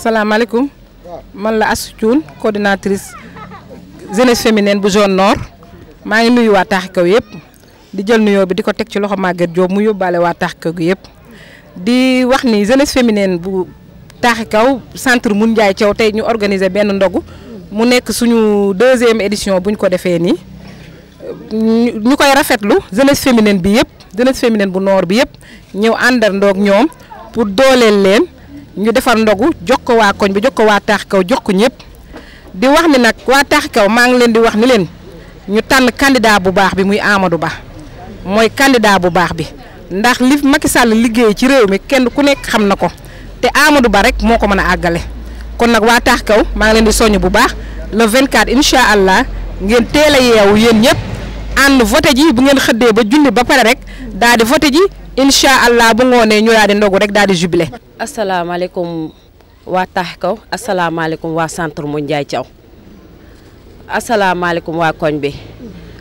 Assalamualaikum, man la Astou Thioune coordinatrice jeunesse féminine bu zone nord ma ngi nuyu wa taax kaw di jël nuyo bi di ko ci loxo Maguette mu yobale wa taax kaw gi di wax ni jeunesse féminine bu taaxi kaw centre mun njaay ciow tay ñu organiser ben ndogu mu nek suñu deuxième édition buñ ko défé ni ñu koy rafetlu jeunesse féminine bi yëpp jeunesse féminine bu nord bi yëpp ñew andar ndok ñom pour dolel len ñu defar ndogu jox ko waa koñ bi jox ko waa taax kaw jox ko ñëpp di wax ni nag waa taax kaw maa ngi leen di wax ni leen ñu tànn candidat bu baax bi muy Amadou Ba mooy candidat bu baax bi ndax li Macky Sall liggéey ci réew mi kenn ku nekk xam na ko te Amadou Ba rek moo ko mën a àggale kon nag waa taax kaw maa ngi leen di soññ bu baax le 24 incha allah ngeen teel a yeewu yéen ñëpp ànd vote ji bu ngeen xëddee ba julli ba pare rek daal di voté ji incha allah bu ngoonee ñu daal di ndogu rek daal di jubilé. asalaamaaleykum waa Taax Kaw asalaamaaleykum waa centre mu Ndiaye Thiaw asalaamaaleykum waa koñ bi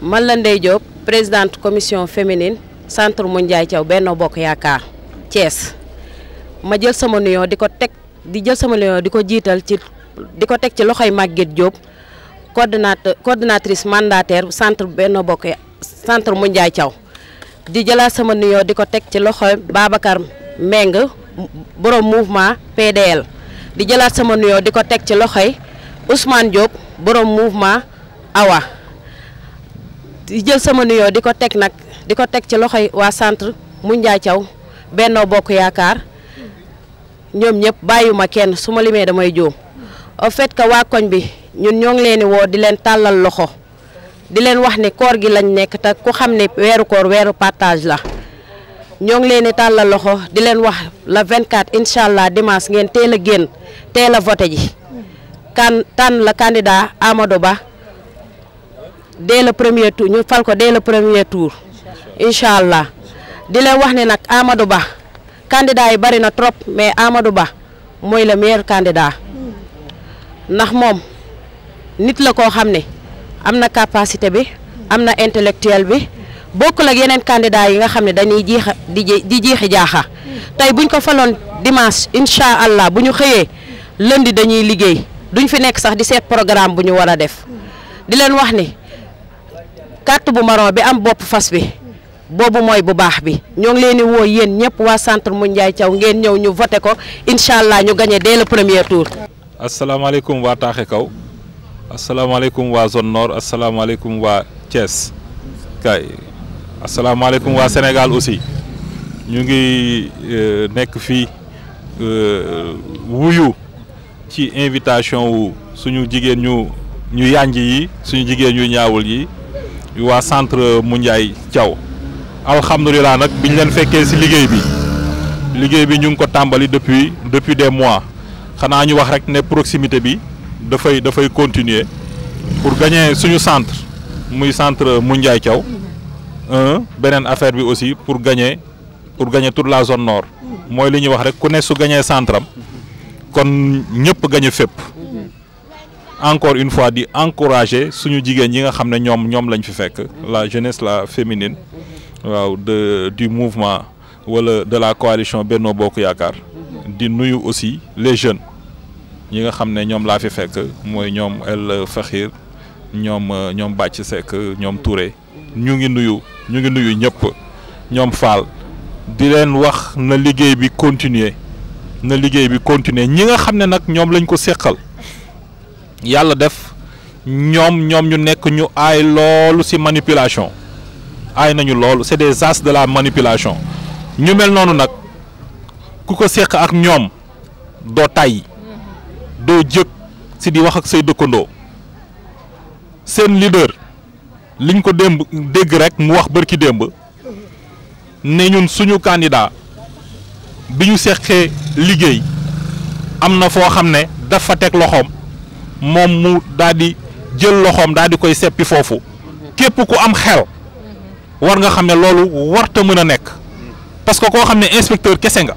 man la Ndeye Diop présidente commission féminine centre mu Ndiaye Thiaw Benno Bokk Yaakaar Thiès ma jël sama nuyoo di ko teg di jël sama nuyoo di ko jiital ci di ko teg ci loxoy Maguette Diop coordonnateur coordonnatrice mandataire centre benn Bokk centre mu Ndiaye Thiaw di jëlaat sama nuyoo di ko teg ci loxoy Babacar Meng. borom mouvement PDL di jëlat sama nuyo di tek ci loxoy Ousmane Diop borom mouvement Awa di jël sama nuyo di tek nak diko di ci loxoy wa centre Moundiaye Thiaw Benno Bokk yaakar ñom ñep bayuma kenn suma ma damay joom au fait que wa koñ bi ñun ñong leen di woo di leen loxo di leen wax ne koor gi lañ nekk ta ku ne koor wéru partage la ñoo ngi leen di tàllal loxo di leen wax la vingt 24 incha allah dimanche ngeen tee a génn teel a voté ji kan tànn la candidat Amadou Ba dès le premier tour ñu fal ko dès premier tour incha allah di leen wax ne nag Amadou Ba candidat yi bari na trop mais Amadou Ba mooy le meilleur kandida ndax moom nit la koo xam ne am na capacité bi am na intellectuel bi. bokkul ak yeneen candidat yi nga xam ne dañuy jiix di jiixi buñ ko dimanche allah bu lundi dañuy liggéey duñ fi nekk sax di set programme bu ñu war a def di leen wax ni carte bu bi am bopp fas bi boobu mooy bu baax bi ñoo ngi leen di woo yéen ngeen ñu ko incha allah ñu gagné dès le premier tour. Assalamualaikum wa Taaxe Kaw wa waa zone nord asalaamaaleykum waa Thiès kay asalaamaaleykum waa Sénégal aussi ñu ngi euh, nekk fii euh, wuyu ci invitation wu suñu jigéen ñu ñu yànj yi suñu jigéen ñu ñaawul yi waa centre Moundiaye Thiaw alhamdulilah nag biñ leen fekkee ci liggéey bi liggéey bi ñu ko tàmbali depuis depuis des mois xanaa ñu wax rek ne proximité bi dafay dafay continuer pour gagner suñu centre muy centre Moundiaye Thiaw un affaire aussi pour gagner pour gagner toute la zone nord Moi centre gagner encore une fois dit encourager suñu nga la jeunesse la féminine du mouvement de la coalition Benno Bokk di aussi les jeunes ñi nga que ne ñoom fi fekk El Fakhir ñu ngi nuyu ñëpp ñoom Fall di leen wax na liggéey bi continuer na liggéey bi continuer ñi nga xam ne nag ñoom lañ ko séqal yàlla def ñoom ñoom ñu nekk ñu aay loolu ci manipulation aay nañu loolu c'est des as de la manipulation ñu mel noonu nag ku ko séq ak ñoom doo tàyyi doo jëkk ci di wax ak say dëkkandoo seen leader liñ ko démb dégg rek mu wax bërki démb ne ñun suñu candidat bi ñu seqee liggéey am na foo xam ne dafa teg loxoom moom mu daal di jël loxoom daal di koy seppi foofu képp ku am xel war nga xam ne loolu warta mën a nekk parce que koo xam ne inspecteur kese nga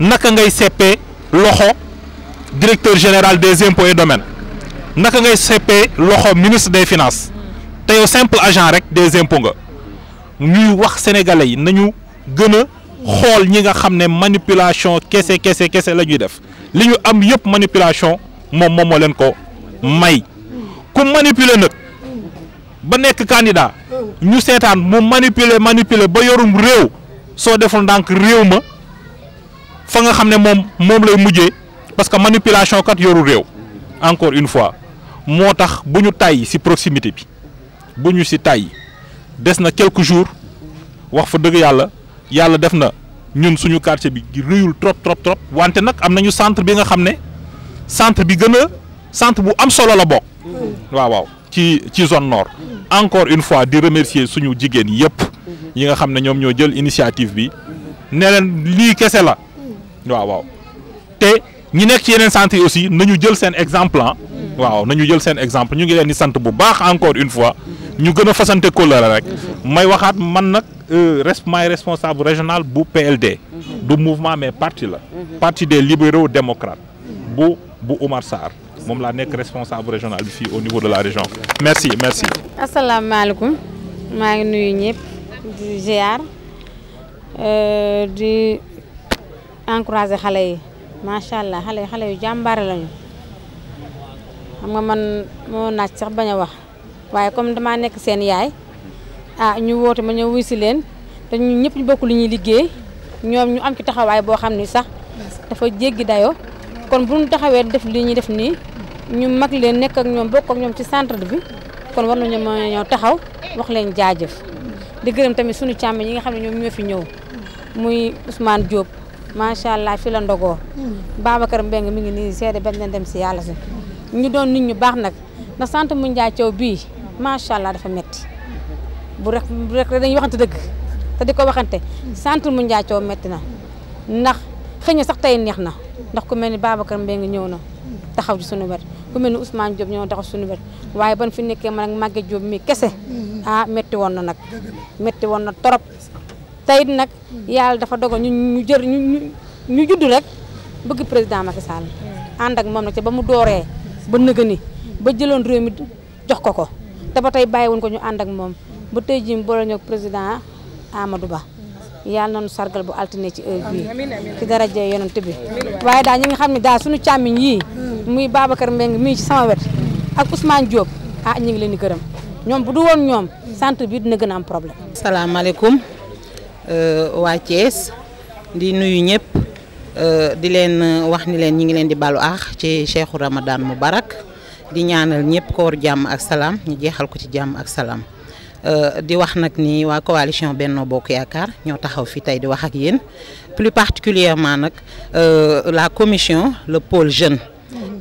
naka ngay seppee loxo directeur général des impôts et domaines naka ngay seppee loxo ministre de finance te simple agent rek des impôts nga ñuy wax sénégalais yi nañu gën a xool ñi nga xam ne manipulation kese kese kese la ñuy def li ñu am yëpp manipulation moom moom moo leen ko may ku manipuler nag ba nekk candidat ñu seetaan mu manipuler manipuler ba yorum réew soo deful ndànk réew ma fa nga xam ne moom moom lay mujjee parce que manipulation kat yoru réew encore une fois moo tax bu ñu ci proximité bi bu ñu quelques jours wax fa trop yalla yalla def ñun suñu quartier bi trop trop trop wante nak am centre bi nga centre bi centre bu am solo la mm. waaw waaw ci ci zone nord encore une fois di remercier suñu jigen yépp yi nga xamné ñom jël initiative bi la mm. waaw waaw te ñi ci centre aussi nañu jël un exemple ah. mm. waaw nañu jël sen exemple ñu ngi leen centre encore une fois ñu gëna a ko la rek may waxat man nak euh responsable régional bu PLD du mouvement mais parti la parti des libéraux démocrates bu bu Omar Sarr mom la nek responsable régional ici au niveau de la région merci merci asalaamaaleykum ma ngi nuyu ñëpp di euh di encourager xalé yi macha allah xalé yu jambar lañu xam nga man mo naaj sax baña wax waaye comme damaa nekk seen yaay ah ñu woote ma ñëw wuy si leen te ñu ñëpp ñu bokk lu ñuy liggéey ñoom ñu am ci taxawaay boo xam ni sax dafa jéggi dayoo kon bu ñu taxawee def li ñuy def nii ñu mag leen nekk ak ñoom bokk ak ñoom ci centre bi kon war nañu mën a ñëw taxaw wax leen jaajëf di gërëm tamit suñu càmm yi nga xam ne ñoom fi ñëw muy usmaan Diop macha allah fi la ndogoo Babacar Mbengue mi ngi nii seede bañ leen dem si yàlla si ñu doon nit ñu baax nag ndax centre Moundiaye Thiaw bii macha allah dafa metti bu rek rek dañuy waxante dëgg te di ko waxante centre mu Ndiathio metti na ndax xëy na sax tey neex na ndax ku mel ni Babacar Mbengue ñëw na taxaw ci sunu wet ku mel ni Ousmane Diop ñëw na daxa ci sunu wet waaye ban fi nekkee man ak Maguette Diop mi kese ah metti woon na nag metti woon na trop tey it nag yàlla dafa dogal ñu ñu jër ñu ñu judd rek bëgg président Macky Sall ànd ak moom nag ca ba mu dooree ba nëgëni ba jëloon réew mi jox ko ko te ba tey bàyyiwuñ ko ñu and ak moom bu tay jii bo lañu président Amadou Ba yalla nañu sargal bu altine ci heure bi ci jé yonent bi waye da ñi nga xamni da mui suñu càmmiñ yi muy babakar meng mi ci sama wet ak Ousmane Diop ah ñi ngi leen di gëreem ñom bu du won ñom centre bi dina gëna am problème. euh wa Thiès di nuyu ñëpp euh, di leen wax ni leen ñi ngi leen di balu ax ci cheikhou Ramadan Mubarak di ñaanal ñëpp koor jamm ak salam, ñu jéxal ko ci jamm ak euh di wax nak ni wa coalition Benno Bokk Yaakaar ñoo taxaw fi tay di wax ak yeen plus particulièrement euh la commission le pôle jeune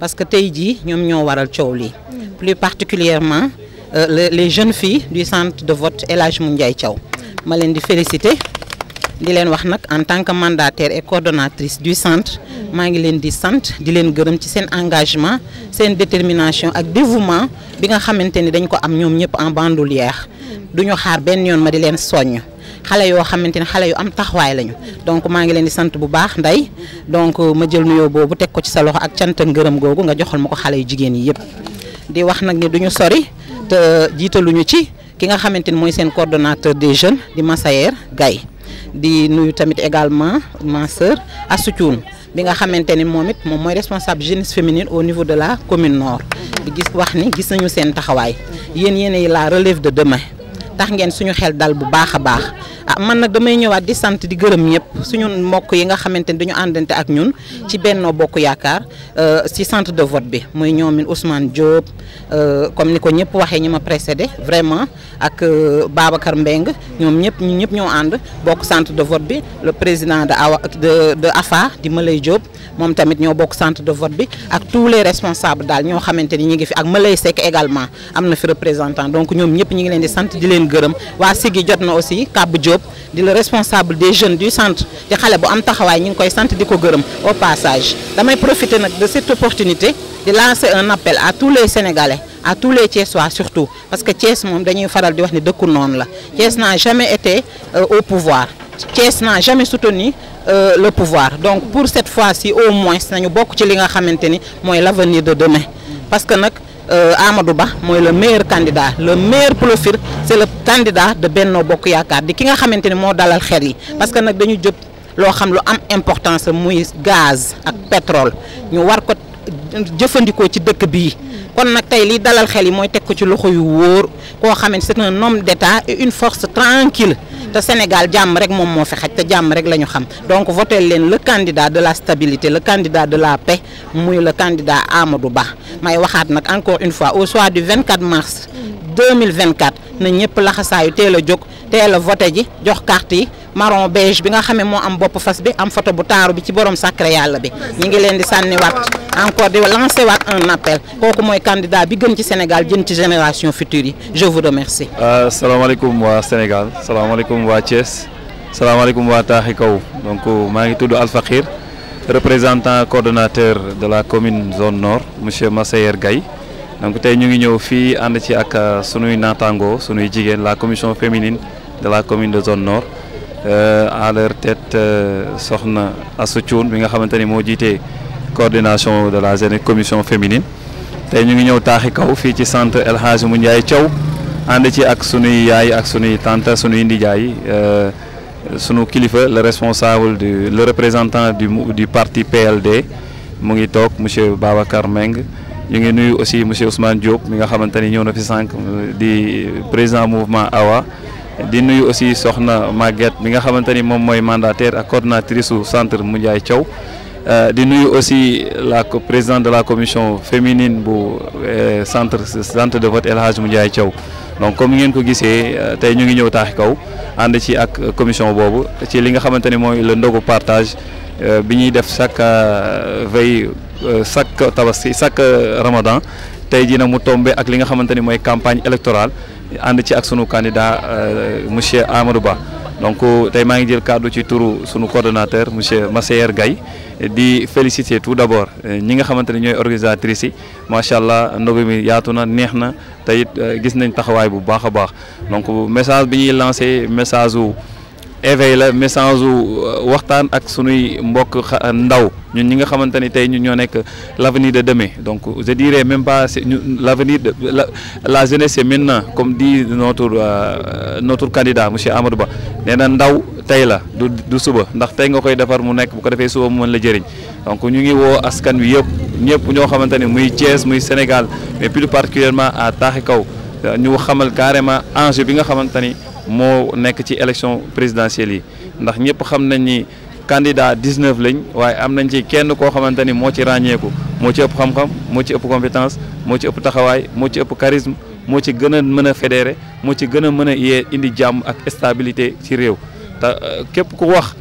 parce que tay ji ñom ñoo waral ciow li plus particulièrement euh, les jeunes filles du centre de vote El Hadj Moundiaye Thiaw ma leen di féliciter en tant que mandataire et coordonnatrice du centre m'a ngi leen di sant di engagement détermination ak dévouement bi nga dañ ko am en bandoulière duñu xaar yoon ma di yo, ne yu am taxway lañu donc m'a ngi leen di sante bu baax nday donc ma jël nuyo bobu tek ko ci sa ak nga joxal yi di wax duñu sori te ci ki des jeunes di di nuyu tamit également ma sœur Astou Thioune bi nga xamanteni momit mom moy responsable jeunesse féminine au niveau de la commune nord di gis wax ni gis nañu seen taxawaay yéen yéen la relève de demain tax ngeen suñu xel dal bu baaxa baax ah man nag damay ñëwaat di sant di gërëm ñëpp suñu mbokk yi nga xamante ni dañu àndante ak ñun ci Benno Bokk Yaakaar euh, ci centre de vote bi muy ñoomin Ousmane Diop euh, comme ni ko ñëpp waxee ñi ma précédé vraiment ak euh, Babacar Mbeng ñoom ñëpp ñu ñëpp ñoo ànd bokk centre de vote bi le président de awa de de AFA di Malay Diop moom tamit ñoo bokk centre de vote bi ak tous les responsables daal ñoo xamante ni ñu ngi fi ak lay sekk également am na fi représentant donc ñoom ñëpp ñu ngi leen di sant di leen gërëm waa Sigi jot na aussi Kab Diop Diop le responsable des jeunes du centre qui est bu am taxawaay Kogurum, au passage damay profiter de cette opportunité de lancer un appel à tous les Sénégalais à tous les Thiessois surtout parce que Thiess, nous dañuy faral di wax ni n'a jamais été euh, au pouvoir Thiess n'a jamais soutenu euh, le pouvoir donc pour cette fois-ci au moins nañu bokk ci li nga l'avenir de demain parce que euh, Amadou Ba moy le meilleur candidat le meilleur profil c'est le candidat de Benno Bokk Yaakaar di ki nga xamanteni mo dalal xel yi parce que nak dañu jëp lo xam lu am importance muy gaz ak pétrole ñu war ko jëfëndiko ci dëkk bi kon nak tay li dalal xel yi mooy teg ko ci loxo yu wóor ko xamante c'est un homme d'état et une force tranquille te Sénégal jàmm rek mom mo fi xaj te jàmm rek lañu xam donc voté len le candidat de la stabilité le candidat de la paix muy le candidat Amadou Ba may waxat nak encore une fois au soir du 24 mars 2024 na ñepp laxasaayu teel a jóg teel voter ji jox carte yi marron beige bi nga xamé mo am bop fas bi am photo bu taru bi ci borom sacré yalla bi ñi ngi len di sanni sànniwaat encore de lancer un appel pour que candidat bi ci Sénégal d'une ci génération future je vous remercie. Euh, salam alaikum wa Sénégal salam salam wa Thiès salam salam wa Tahikaou. donc maa ngi Al Fakir, représentant coordonnateur de la commune zone nord monsieur Massayer Gaye donc avons ñu ngi ñëw fii ànd ci ak euh, la commission féminine de la commune de zone nord euh, à leur tête soxna Assou Thioune bi coordination de la jeune commission féminine te ñu ngi ñëw taaxi kaw fii ci centre El Hadj mu Ndiaye Thiaw ànd ci ak sunuy yaay ak sunuy tante sunuy ndijaay euh, sunu kilifa le responsable du le représentant du du parti PLD mu ngi toog monsieur Babacar Meng ñu ngi nuyu aussi monsieur Ousmane Diop mi nga xamante ni ñëw na fi sànq di président mouvement AWA di nuyu aussi soxna Maguette mi nga xamante ni moom mooy mandataire ak coordinatrice su centre Moundiaye caw Euh, di nuyu aussi la présidente de la commission féminine bu euh, centre centre de vote El Hadj Moundiaye Thiaw donc comme ngeen ko gisee euh, tey ñu ngi ñëw taaxi kaw ànd ci ak commission boobu ci li nga xamante ne mooy le ndogu partage bi ñuy def chaque veille chaque tabaski chaque ramadan tey jii nag mu tombé ak li nga xamante ni mooy campagne électorale ànd ci ak sunu candidat monsieur Amadou Ba donc tey maa ngi jël kàddu ci turu sunu coordonnateur monsieur Massayer Gaye di féliciter tout d'abord euh, ñi nga xamante ne ñooy organisatrices yi macha allah ndogu mi yaatu na neex na te euh, gis nañ taxawaay bu baax a baax donc message bi ñuy lancer message wu éveil la message euh, waxtaan ak sunuy mbokk ndaw ñun ñi nga xamante ni tey ñu ñoo nekk l' avenir de demain donc je dirais même pas l' avenir de la la jeunesse c'est maintenant comme dit notre euh, notre candidat monsieur Amadou Ba nee ndaw tey la du du suba ndax tey nga koy defar mu nekk bu ko defee suba mu mën la jëriñ donc ñu ngi woo askan wi yëpp ñëpp ñoo xamante ni muy Thiès muy Sénégal mais plus particulièrement à Taxi Kaw ñu xamal carrément enjeu bi nga xamante ni. moo nekk ci élection présidentielle yi ndax ñëpp xam nañ ni candidat 19 lañ waaye am nañ ci kenn koo xamante ni moo ci ràññeeku moo ci ëpp xam-xam moo ci ëpp compétence moo ci ëpp taxawaay moo ci ëpp charisme moo ci gën a mën a fédéré moo ci gën a mën a yee indi jàmm ak stabilité ci réew te euh, képp ku wax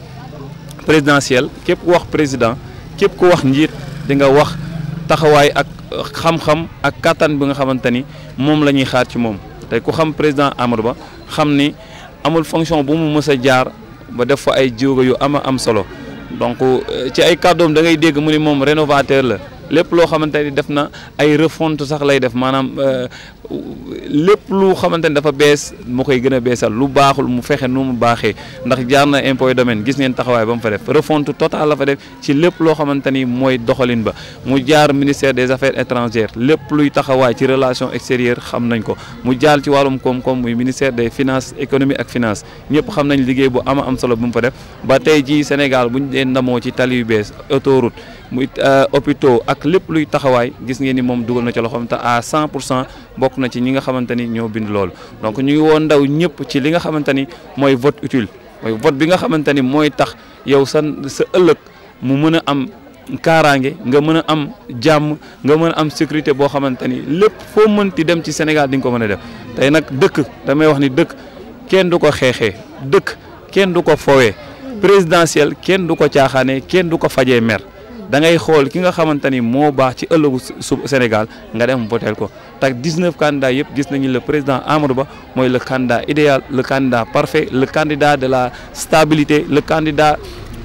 présidentielle képp ku wax président képp ku wax njiit di nga wax taxawaay ak euh, xam-xam ak kàttan bi nga xamante ni moom la ñuy xaar ci moom te ku xam président Amadou Ba xam ni amul fonction bu mu mës jaar ba def fa ay jéego yu am a am solo donc euh, ci ay kàddoom da ngay dégg mu ni moom rénovateur la lépp loo xamante ni def na ay refonte sax lay def maanaam lépp lu xamante ni dafa bees mu koy gën a beesal lu baaxul mu fexe nu mu baaxee ndax jaar na impôt domaine gis ngeen taxawaay ba mu fa def refonte totale la fa def ci lépp loo xamante ni mooy doxalin ba mu jaar ministère des affaires étrangères lépp luy taxawaay ci relation extérieure xam nañ ko mu jaar ci wàllum koom-koom muy ministère des finances économie ak finance ñëpp xam nañ liggéey bu ama am solo bu mu fa def ba tey jii Sénégal buñ dee ndamoo ci tali yu bees autoroute muy euh, hôpitaux ak lépp luy taxawaay gis ngeen ni moom dugal na ci loxoom te à cent pour cent bokk na ci ñi nga xamante ni ñoo bind loolu donc ñu ngi woon ndaw ñëpp ci li nga xamante ni mooy vote utile mooy vote bi nga xamante ni mooy tax yow sa sa ëllëg mu mën a am kaaraange nga mën a am jàmm nga mën a am sécurité boo xamante ni lépp foo mën mënti dem ci Sénégal di nga ko mën a dem tey nag dëkk damay wax ni dëkk kenn du ko xeexee dëkk kenn du ko fowee présidentiel kenn du ko caaxaanee kenn du ko fajee mer da ngay xool ki nga xamante ni moo baax ci ëllëgu su Sénégal nga dem voteel ko tax 19 candidats yëpp gis nañu le président Amadou Ba mooy le candidat idéal le candidat parfait le candidat de la stabilité le candidat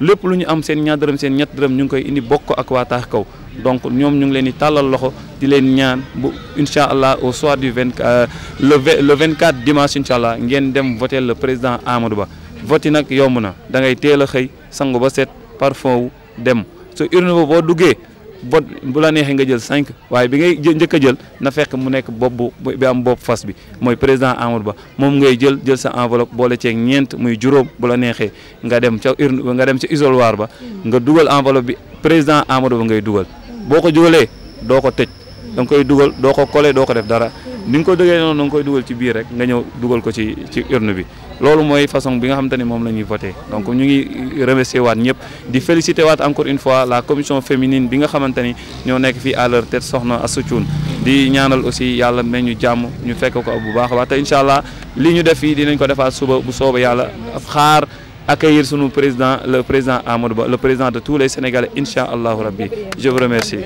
lépp lu ñu am seen ñaar dërëm seen ñett dërëm ñu ngi koy indi bokk ak waa taax kaw donc ñoom ñu ngi leen di tàllal loxo di leen ñaan bu incha allah au soir du vingt le euh, le vingt quatre dimanche incha allah ngeen dem voter la président Amadou Ba vote yi nag yomb na da ngay teel a xëy sangu ba set parfum wu dem su urne ba boo duggee. bot bu la neexee nga jël cinq waaye bi ngay njëkk a jël na fekk mu nekk bopp bu bi am bopp fas bi mooy président Amadou Ba moom ngay jël jël sa enveloppe boole ceeg ñeent muy juróom bu la neexee nga dem ca urne nga dem ca isoloir ba nga dugal enveloppe bi président Amadou Ba ngay dugal boo ko dugalee doo ko tëj da nga koy dugal doo ko collé doo ko def dara ni nga ko dëggee noonu da nga koy dugal ci biir rek nga ñëw dugal ko ci ci urne bi loolu mooy façon bi nga xamante ni moom la ñuy voté donc ñu ngi remercier waat ñëpp di féliciter waat encore une fois la commission féminine bi nga xamante ni ñoo nekk fii à leur tête soxna Astou Thioune di ñaanal aussi yàlla may ñu jàmm ñu fekk ko bu baax a baax te incha allah li ñu def fii dinañ ko defaat suba bu soobee yàlla xaar accueillir sunu président le président Amadou Ba le président de tous les Sénégalais incha allahu rabbi je vous remercie.